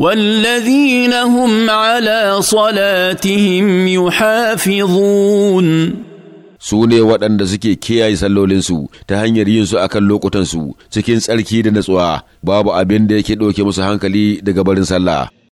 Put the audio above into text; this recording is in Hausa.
والذين هم على صلاتهم يحافظون su ne waɗanda suke kiyaye sallolinsu ta hanyar yin su akan lokutansu cikin tsarki da natsuwa babu abin da yake ɗauke musu hankali daga barin sallah